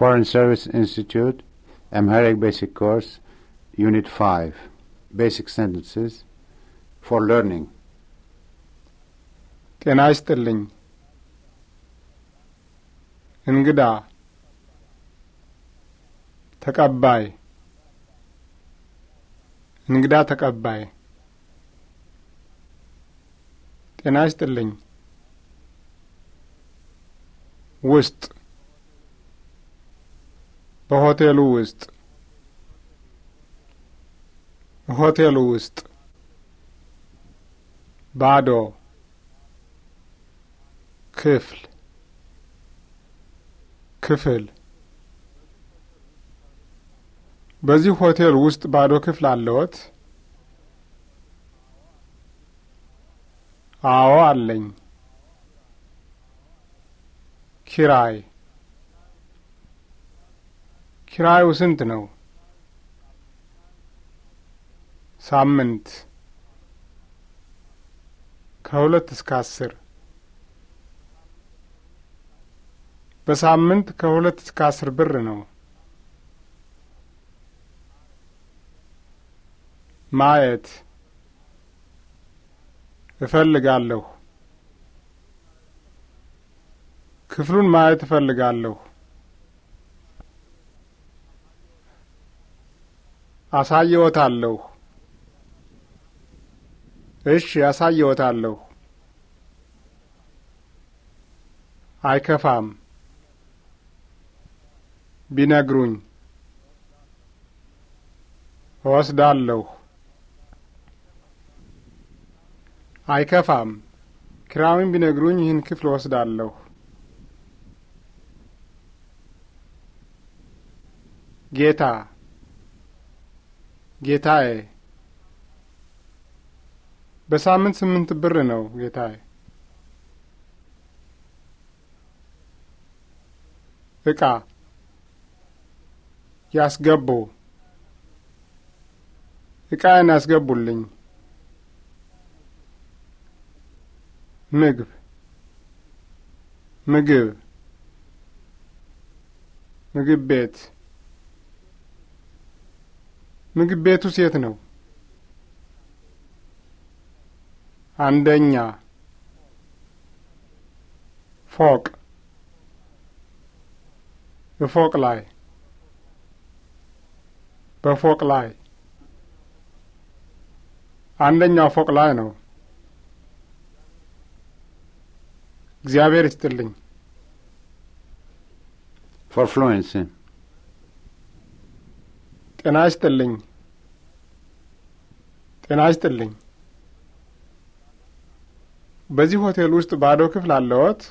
Foreign Service Institute, Amharic Basic Course, Unit 5, Basic Sentences for Learning. Can I Takabai. Ngida takabai. Can Wust. በሆቴሉ ውስጥ ሆቴሉ ውስጥ ባዶ ክፍል ክፍል በዚህ ሆቴል ውስጥ ባዶ ክፍል አለዎት? አዎ አለኝ። ኪራይ ኪራዩ ስንት ነው? ሳምንት ከሁለት እስከ አስር በሳምንት ከሁለት እስከ አስር ብር ነው። ማየት እፈልጋለሁ። ክፍሉን ማየት እፈልጋለሁ። አሳየዎታለሁ። እሺ፣ አሳየዎታለሁ። አይከፋም ቢነግሩኝ እወስዳለሁ። አይከፋም ኪራዩን ቢነግሩኝ ይህን ክፍል እወስዳለሁ። ጌታ ጌታዬ በሳምንት ስምንት ብር ነው ጌታዬ። እቃ ያስገቡ፣ እቃዬን ያስገቡልኝ። ምግብ ምግብ ምግብ ቤት ምግብ ቤቱ ሴት ነው። አንደኛ ፎቅ በፎቅ ላይ በፎቅ ላይ አንደኛው ፎቅ ላይ ነው። እግዚአብሔር ይስጥልኝ። ፎር ፍሉዌንሲ ጤና ይስጥልኝ። ጤና ይስጥልኝ። በዚህ ሆቴል ውስጥ ባዶ ክፍል አለዎት?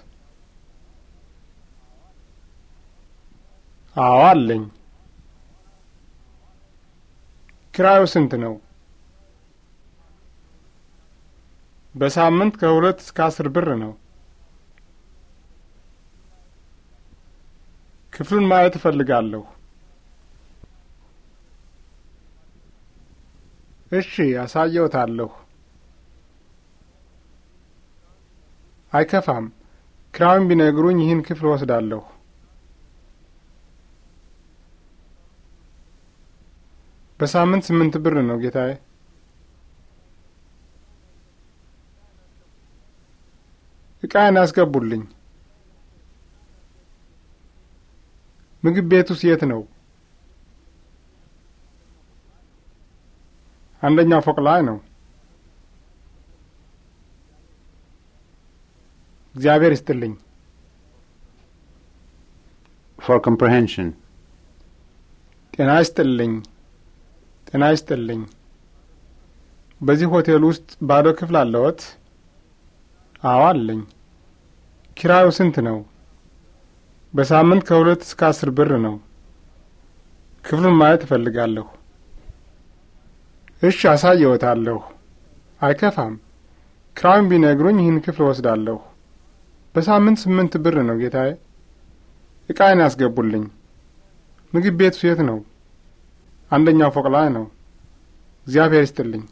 አዎ አለኝ። ኪራዩ ስንት ነው? በሳምንት ከሁለት እስከ አስር ብር ነው። ክፍሉን ማየት እፈልጋለሁ። እሺ አሳየውታለሁ። አይከፋም። ክራውን ቢነግሩኝ ይህን ክፍል ወስዳለሁ። በሳምንት ስምንት ብር ነው ጌታዬ። እቃያን አስገቡልኝ። ምግብ ቤቱስ የት ነው? አንደኛው ፎቅ ላይ ነው። እግዚአብሔር ይስጥልኝ። ፎር ኮምፕሬንሽን ጤና ይስጥልኝ። ጤና ይስጥልኝ። በዚህ ሆቴል ውስጥ ባዶ ክፍል አለዎት? አዎ አለኝ። ኪራዩ ስንት ነው? በሳምንት ከሁለት እስከ አስር ብር ነው። ክፍሉን ማየት እፈልጋለሁ። እሺ አሳየዎታለሁ። አይከፋም። ክራዩን ቢነግሩኝ ይህን ክፍል ወስዳለሁ። በሳምንት ስምንት ብር ነው ጌታዬ። ዕቃዬን ያስገቡልኝ። ምግብ ቤቱ የት ነው? አንደኛው ፎቅ ላይ ነው። እግዚአብሔር ይስጥልኝ።